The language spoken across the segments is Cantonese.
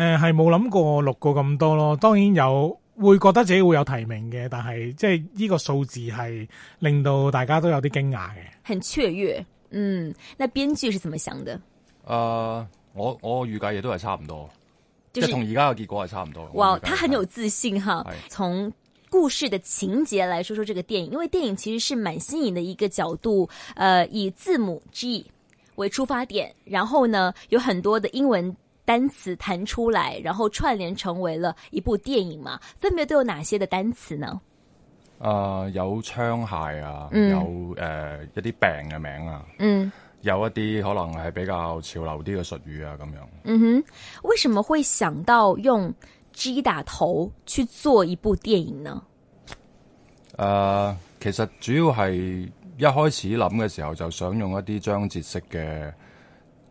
誒、嗯，係冇諗過錄過咁多咯，當然有會覺得自己會有提名嘅，但係即係呢個數字係令到大家都有啲驚訝嘅。很雀躍，嗯，那編劇是怎麼想的？誒、呃，我我預計亦都係差唔多，就是、即係同而家嘅結果係差唔多。哇，我預計嘅，他很有自信哈！從故事的情節來說說這個電影，因為電影其實是蠻新穎的一個角度，誒、呃，以字母 G 為出發點，然後呢有很多的英文。單詞彈出來，然後串聯成為了一部電影嘛？分別都有哪些的單詞呢？啊、呃，有槍械啊，嗯、有誒、呃、一啲病嘅名啊，嗯，有一啲可能係比較潮流啲嘅術語啊，咁樣。嗯哼，為什麼會想到用 G 打頭去做一部電影呢？誒、呃，其實主要係一開始諗嘅時候就想用一啲章節式嘅。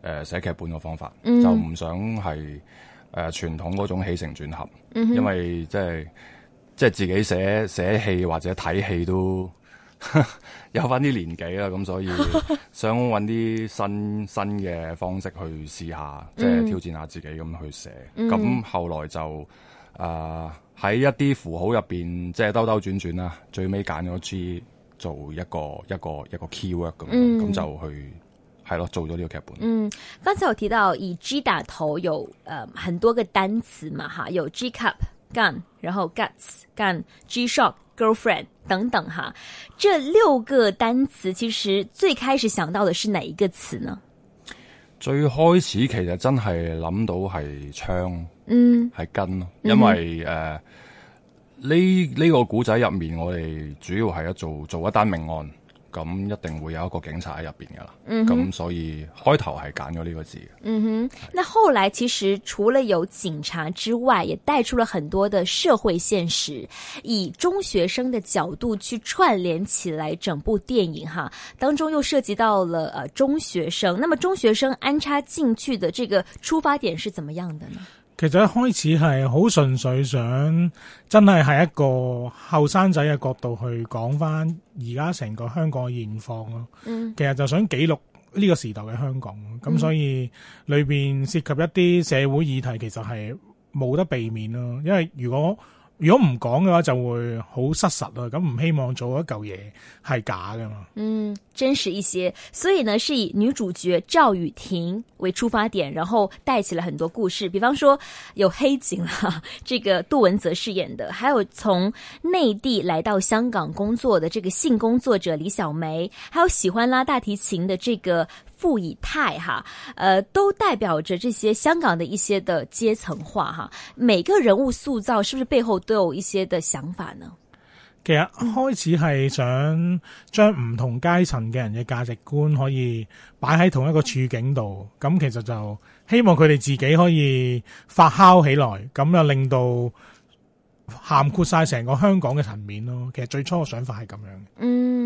誒、呃，寫劇本嘅方法、mm -hmm. 就唔想係誒傳統嗰種起承轉合，mm -hmm. 因為即係即係自己寫寫戲或者睇戲都呵呵有翻啲年紀啦，咁 所以想搵啲新新嘅方式去試下，mm -hmm. 即係挑戰下自己咁去寫。咁、mm -hmm. 後來就誒喺、呃、一啲符號入邊，即係兜兜轉轉啦，最尾揀咗 G 做一個一個一個 keyword 咁，咁、mm -hmm. 就去。係咯，做咗呢個劇本。嗯，剛才我提到以 G 打頭有，誒、呃，很多個單詞嘛，哈，有 G cup、gun，然後 guts、gun、G shock、girlfriend 等等，哈。這六個單詞其實最開始想到的是哪一個詞呢？最開始其實真係諗到係槍，嗯，係根，因為誒呢呢個古仔入面，我哋主要係一做做一單命案。咁一定會有一個警察喺入邊嘅喇，咁、嗯、所以開頭係揀咗呢個字。嗯哼，那後來其實除了有警察之外，也帶出了很多的社會現實，以中學生的角度去串聯起來整部電影哈。當中又涉及到了誒、呃、中學生，那麼中學生安插進去的這個出發點是怎麼樣的呢？其實一開始係好純粹想，真係係一個後生仔嘅角度去講返而家成個香港嘅現況咯。其實就想記錄呢個時代嘅香港，咁所以裏面涉及一啲社會議題，其實係冇得避免咯。因為如果如果唔講嘅話就會好失實啊！咁唔希望做一舊嘢係假噶嘛。嗯，真實一些，所以呢是以女主角趙雨婷為出發點，然後帶起了很多故事，比方說有黑警啦，這個杜汶澤飾演的，還有從內地來到香港工作的這個性工作者李小梅，還有喜歡拉大提琴的這個。富以泰，哈，呃，都代表着這些香港的一些的階層化哈。每個人物塑造，是不是背後都有一些的想法呢？其實開始係想將唔同階層嘅人嘅價值觀可以擺喺同一個處境度，咁其實就希望佢哋自己可以發酵起來，咁就令到涵括晒成個香港嘅層面咯。其實最初嘅想法係咁樣嘅。嗯。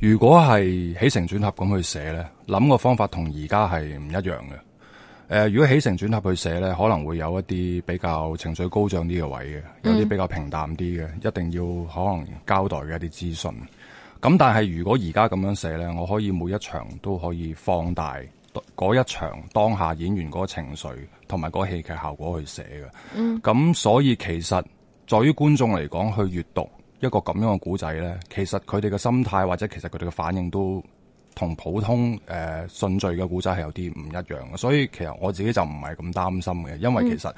如果係起承轉合咁去寫呢，諗個方法同而家係唔一樣嘅。誒、呃，如果起承轉合去寫呢，可能會有一啲比較情緒高漲啲嘅位嘅，有啲比較平淡啲嘅，mm. 一定要可能交代嘅一啲資訊。咁但係如果而家咁樣寫呢，我可以每一場都可以放大嗰一場當下演員嗰個情緒同埋嗰個戲劇效果去寫嘅。咁、mm. 所以其實在於觀眾嚟講去閱讀。一個咁樣嘅古仔呢，其實佢哋嘅心態或者其實佢哋嘅反應都同普通誒、呃、順序嘅古仔係有啲唔一樣嘅，所以其實我自己就唔係咁擔心嘅，因為其實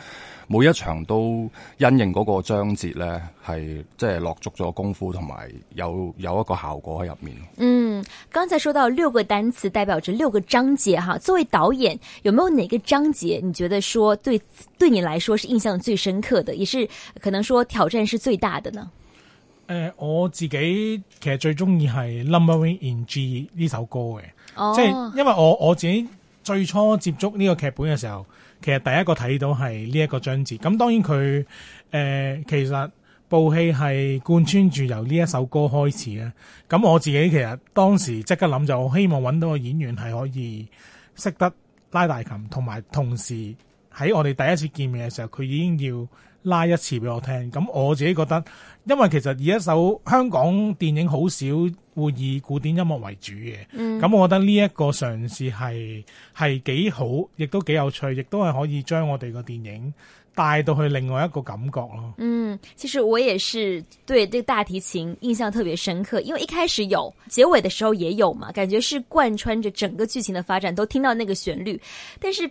每一場都因應嗰個章節呢，係、嗯、即係落足咗功夫同埋有有，有一個效果喺入面。嗯，剛才說到六個單詞代表住六個章節哈，作為導演，有沒有哪個章節你覺得說，對對你來說是印象最深刻的，也是可能說挑戰是最大的呢？呃、我自己其實最中意係《Lumbering in G》呢首歌嘅、哦，即係因為我我自己最初接觸呢個劇本嘅時候，其實第一個睇到係呢一個章節。咁當然佢、呃、其實部戲係貫穿住由呢一首歌開始啦。咁我自己其實當時即刻諗就希望揾到個演員係可以識得拉大琴，同埋同時喺我哋第一次見面嘅時候，佢已經要拉一次俾我聽，咁我自己覺得，因為其實而一首香港電影好少會以古典音樂為主嘅，咁、嗯、我覺得呢一個嘗試係係幾好，亦都幾有趣，亦都係可以將我哋個電影帶到去另外一個感覺咯。嗯，其實我也是對這個大提琴印象特別深刻，因為一開始有，結尾的時候也有嘛，感覺是貫穿着整個劇情的發展，都聽到那個旋律，但是。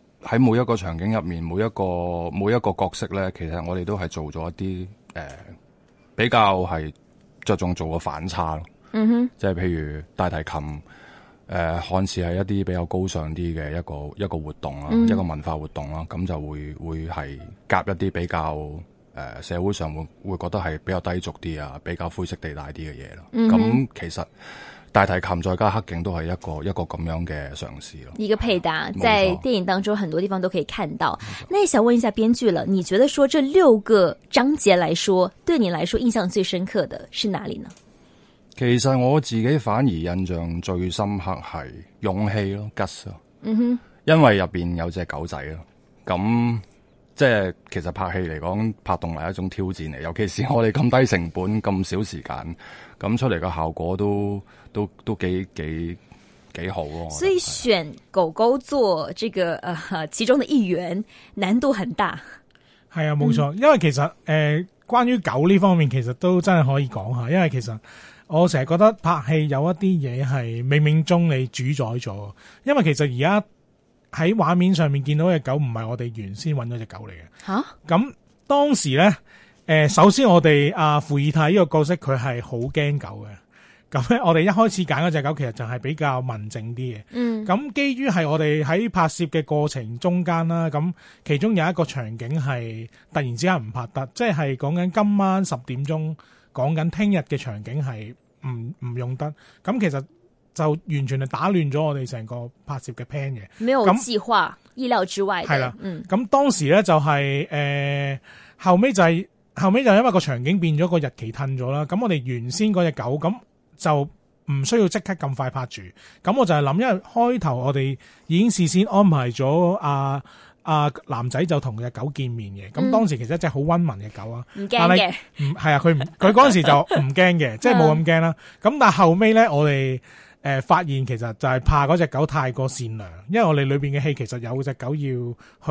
喺每一個場景入面，每一個每一個角色咧，其實我哋都係做咗一啲誒、呃、比較係着重做個反差咯。嗯哼，即係譬如大提琴誒、呃，看似係一啲比較高尚啲嘅一個一個活動啦、mm -hmm.，一個文化活動啦，咁就會會係夾一啲比較誒、呃、社會上會會覺得係比較低俗啲啊，比較灰色地帶啲嘅嘢咯。咁、mm -hmm. 其實。大提琴再加黑警都係一個一個咁樣嘅嘗試咯。一個配搭，在電影當中很多地方都可以看到。那想問一下編劇了，你覺得說這六個章節來說，對你來說印象最深刻的是哪裡呢？其實我自己反而印象最深刻係勇氣咯，Gus 咯。嗯哼，因為入邊有隻狗仔咯。咁即係其實拍戲嚟講，拍動物係一種挑戰嚟，尤其是我哋咁低成本、咁 少時間。咁出嚟嘅效果都都都幾幾幾好咯。所以選狗狗做這個，呃，其中的一員難度很大。係啊，冇錯、嗯。因為其實，誒、呃，關於狗呢方面，其實都真係可以講下。因為其實我成日覺得拍戲有一啲嘢係冥冥中你主宰咗。因為其實而家喺畫面上面見到嘅狗，唔係我哋原先搵咗隻狗嚟嘅。吓、啊、咁當時咧。誒、呃，首先我哋阿傅爾泰呢個角色佢係好驚狗嘅，咁咧我哋一開始揀嗰隻狗其實就係比較文靜啲嘅。嗯，咁基於係我哋喺拍攝嘅過程中間啦，咁其中有一個場景係突然之間唔拍得，即係講緊今晚十點鐘講緊聽日嘅場景係唔唔用得，咁其實就完全係打亂咗我哋成個拍攝嘅 plan 嘅。沒有計劃，意料之外。係啦，嗯，咁當時咧就係、是、誒、呃、後尾就係、是。後尾就因為個場景變咗，個日期褪咗啦。咁我哋原先嗰隻狗咁就唔需要即刻咁快拍住。咁我就係諗，因為開頭我哋已經事先安排咗阿、啊啊、男仔就同隻狗見面嘅。咁當時其實一隻好溫文嘅狗、嗯嗯、啊，唔驚嘅，唔係啊，佢唔佢嗰陣時就唔驚嘅，即係冇咁驚啦。咁、嗯、但係後尾咧，我哋誒發現其實就係怕嗰隻狗太過善良，因為我哋裏邊嘅戲其實有隻狗要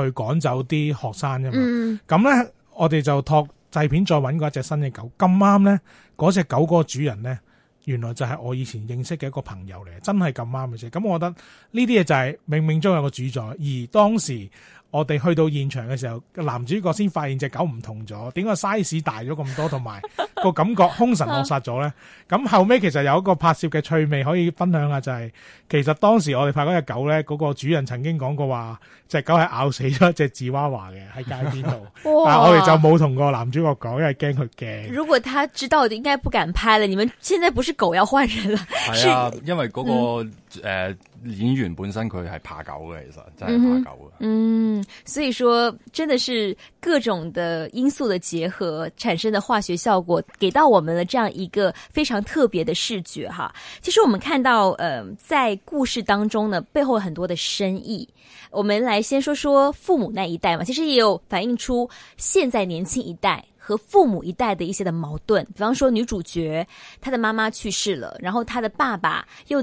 去趕走啲學生啫嘛。咁、嗯、咧我哋就托。製片再揾過一隻新嘅狗，咁啱呢，嗰隻狗個主人呢，原來就係我以前認識嘅一個朋友嚟，真係咁啱嘅啫。咁我覺得呢啲嘢就係冥冥中有個主宰，而當時。我哋去到現場嘅時候，男主角先發現隻狗唔同咗，點解 size 大咗咁多，同埋個感覺兇神惡煞咗咧？咁、 啊、後尾其實有一個拍攝嘅趣味可以分享下、就是，就係其實當時我哋拍嗰隻狗咧、嗰、那個主人曾經講過話，隻狗係咬死咗一隻芝娃娃嘅喺街邊度，但我哋就冇同個男主角講，因為驚佢驚。如果他知道，應該不敢拍了。你們現在不是狗要換人啦係啊是，因為嗰、那個誒。嗯呃演員本身佢係怕狗嘅，其實真係怕狗嘅。嗯、mm -hmm.，mm -hmm. 所以說，真的是各種的因素的結合產生的化學效果，給到我們了這樣一個非常特別的視覺哈。其實我們看到，嗯、呃，在故事當中呢，背後很多的深意。我們來先說說父母那一代嘛，其實也有反映出現在年輕一代和父母一代的一些的矛盾。比方說，女主角她的媽媽去世了，然後她的爸爸又。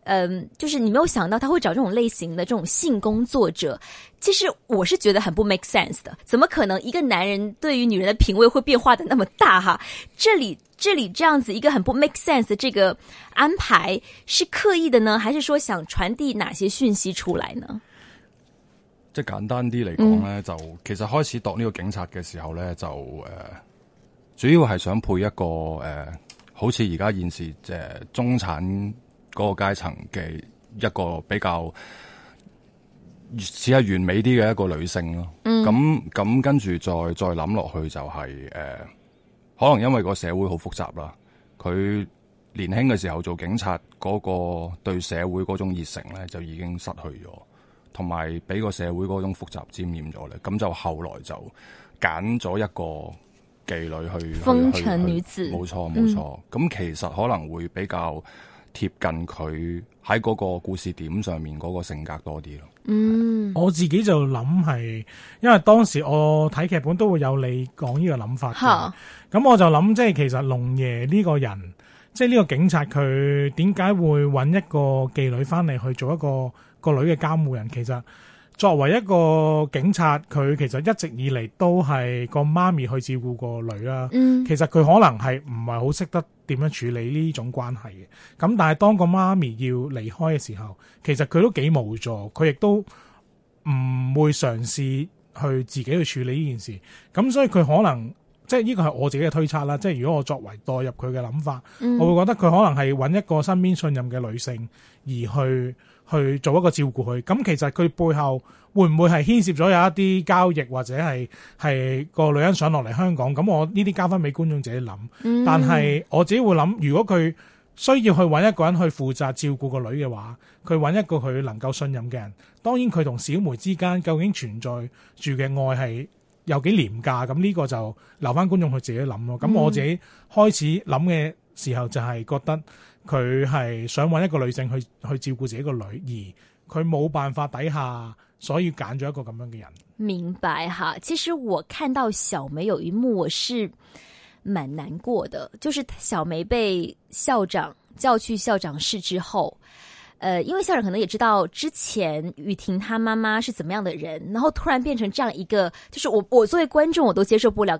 嗯，就是你沒有想到他會找這種類型的這種性工作者，其實我是覺得很不 make sense 的。怎麼可能一個男人對於女人的品位會變化得那麼大？哈，這裏這裏這樣子一個很不 make sense 的這個安排是刻意的呢，還是說想傳遞哪些訊息出來呢？即簡單啲嚟講呢，嗯、就其實開始度呢個警察嘅時候呢，就、呃、主要係想配一個、呃、好似而家現時即、呃、中產。嗰、那個階層嘅一個比較似係完美啲嘅一個女性咯、啊。咁、嗯、咁跟住再再諗落去就係、是、誒、呃，可能因為個社會好複雜啦。佢年輕嘅時候做警察嗰個對社會嗰種熱誠咧就已經失去咗，同埋俾個社會嗰種複雜沾染咗咧。咁就後來就揀咗一個妓女去。風塵女子。去、去、去，冇錯冇錯。咁、嗯、其實可能會比較。貼近佢喺嗰個故事點上面嗰個性格多啲咯。嗯，我自己就諗係，因為當時我睇劇本都會有你講呢個諗法。吓，咁我就諗，即係其實龍爺呢個人，即係呢個警察佢點解會揾一個妓女翻嚟去做一個個女嘅監護人？其實。作為一個警察，佢其實一直以嚟都係個媽咪去照顧個女啦、嗯。其實佢可能係唔係好識得點樣處理呢種關係嘅。咁但係當個媽咪要離開嘅時候，其實佢都幾無助，佢亦都唔會嘗試去自己去處理呢件事。咁所以佢可能即係呢個係我自己嘅推測啦。即係如果我作為代入佢嘅諗法、嗯，我會覺得佢可能係揾一個身邊信任嘅女性而去。去做一個照顧佢，咁其實佢背後會唔會係牽涉咗有一啲交易，或者係係個女人想落嚟香港？咁我呢啲交翻俾觀眾自己諗，嗯。但係我自己會諗，如果佢需要去揾一個人去負責照顧個女嘅話，佢揾一個佢能夠信任嘅人。當然佢同小梅之間究竟存在住嘅愛係有幾廉價？咁呢個就留翻觀眾去自己諗咯。咁我自己開始諗嘅時候就係覺得。佢係想揾一個女性去去照顧自己個女兒，佢冇辦法底下，所以揀咗一個咁樣嘅人。明白哈，其實我看到小梅有一幕，我是蠻難過的，就是小梅被校長叫去校長室之後，呃，因為校長可能也知道之前雨婷她媽媽是怎麼樣的人，然後突然變成這樣一個，就是我我作為觀眾我都接受不了。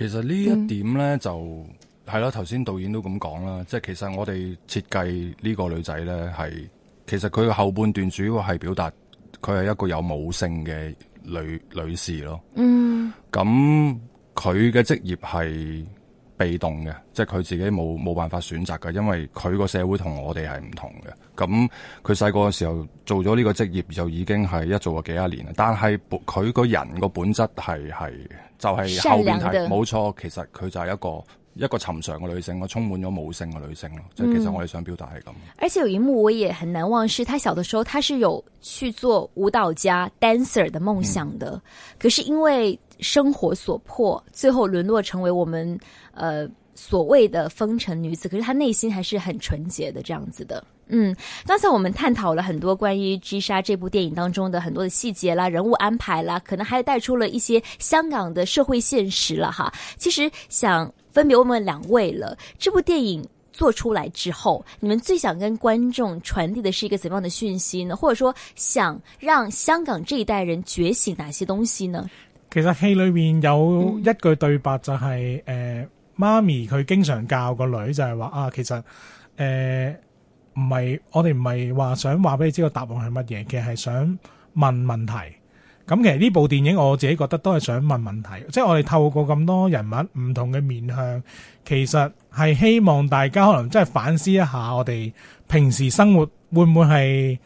其實呢一點咧，嗯、就係咯，頭先導演都咁講啦，即係其實我哋設計呢個女仔咧，係，其實佢嘅後半段主要係表達佢係一個有母性嘅女女士咯。嗯，咁佢嘅職業係被動嘅，即係佢自己冇冇辦法選擇㗎，因為佢個社會同我哋係唔同嘅。咁佢細個嘅時候做咗呢個職業就已經係一做咗幾廿年啦，但係佢個人個本質係係就係、是、後邊係冇錯，其實佢就係一個一個尋常嘅女性，我充滿咗母性嘅女性咯。即係其實我哋想表達係咁。而且有一幕我也很難忘是，是她小嘅時候，她是有去做舞蹈家 dancer 的夢想的、嗯，可是因為生活所迫，最後淪落成為我們，誒、呃、所謂的風塵女子。可是她內心還是很純潔的，這樣子的。嗯，剛才我們探討了很多關於《G 殺》這部電影當中的很多的細節啦、人物安排啦，可能還帶出了一些香港的社會現實啦，哈。其實想分別問問兩位了，這部電影做出來之後，你們最想跟觀眾傳遞的是一個怎樣的訊息呢？或者說想讓香港這一代人覺醒哪些東西呢？其實戲裏面有、嗯、一句對白就是呃媽咪佢經常教個女就係、是、話啊，其實呃唔係，我哋唔係話想話俾你知個答案係乜嘢，其實係想問問題。咁其實呢部電影我自己覺得都係想問問題，即係我哋透過咁多人物唔同嘅面向，其實係希望大家可能真係反思一下我哋平時生活會唔會係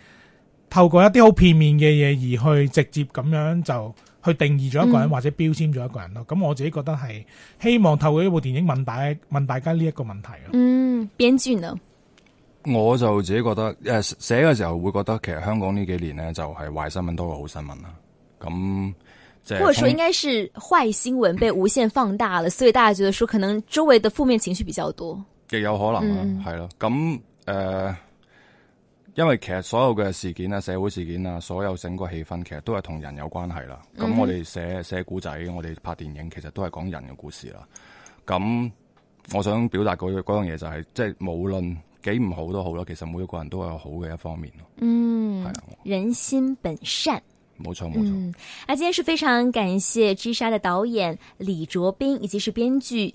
透過一啲好片面嘅嘢而去直接咁樣就去定義咗一個人，嗯、或者標籤咗一個人咯。咁我自己覺得係希望透過呢部電影問大家問大家呢一個問題。嗯，編劇呢？我就自己覺得，呃、寫寫嘅時候會覺得，其實香港呢幾年呢，就係壞新聞多過好新聞啦。咁即係，或者說應該是壞新聞被無限放大了，嗯，所以大家覺得說可能周圍的負面情緒比較多，亦有可能啦，啊。係、嗯、咯，咁誒、嗯，因為其實所有嘅事件啊，社會事件啊，所有整個氣氛其實都係同人有關係啦。咁我哋寫寫故仔，我哋拍電影，其實都係講人嘅故事啦。咁、嗯嗯、我想表達嗰樣樣嘢就係、是，即係無論。幾唔好都好啦，其實每一個人都有好嘅一方面咯。嗯，係人心本善，冇錯冇錯。啊，嗯、今天是非常感謝《G 殺》的導演李卓斌，以及是編劇。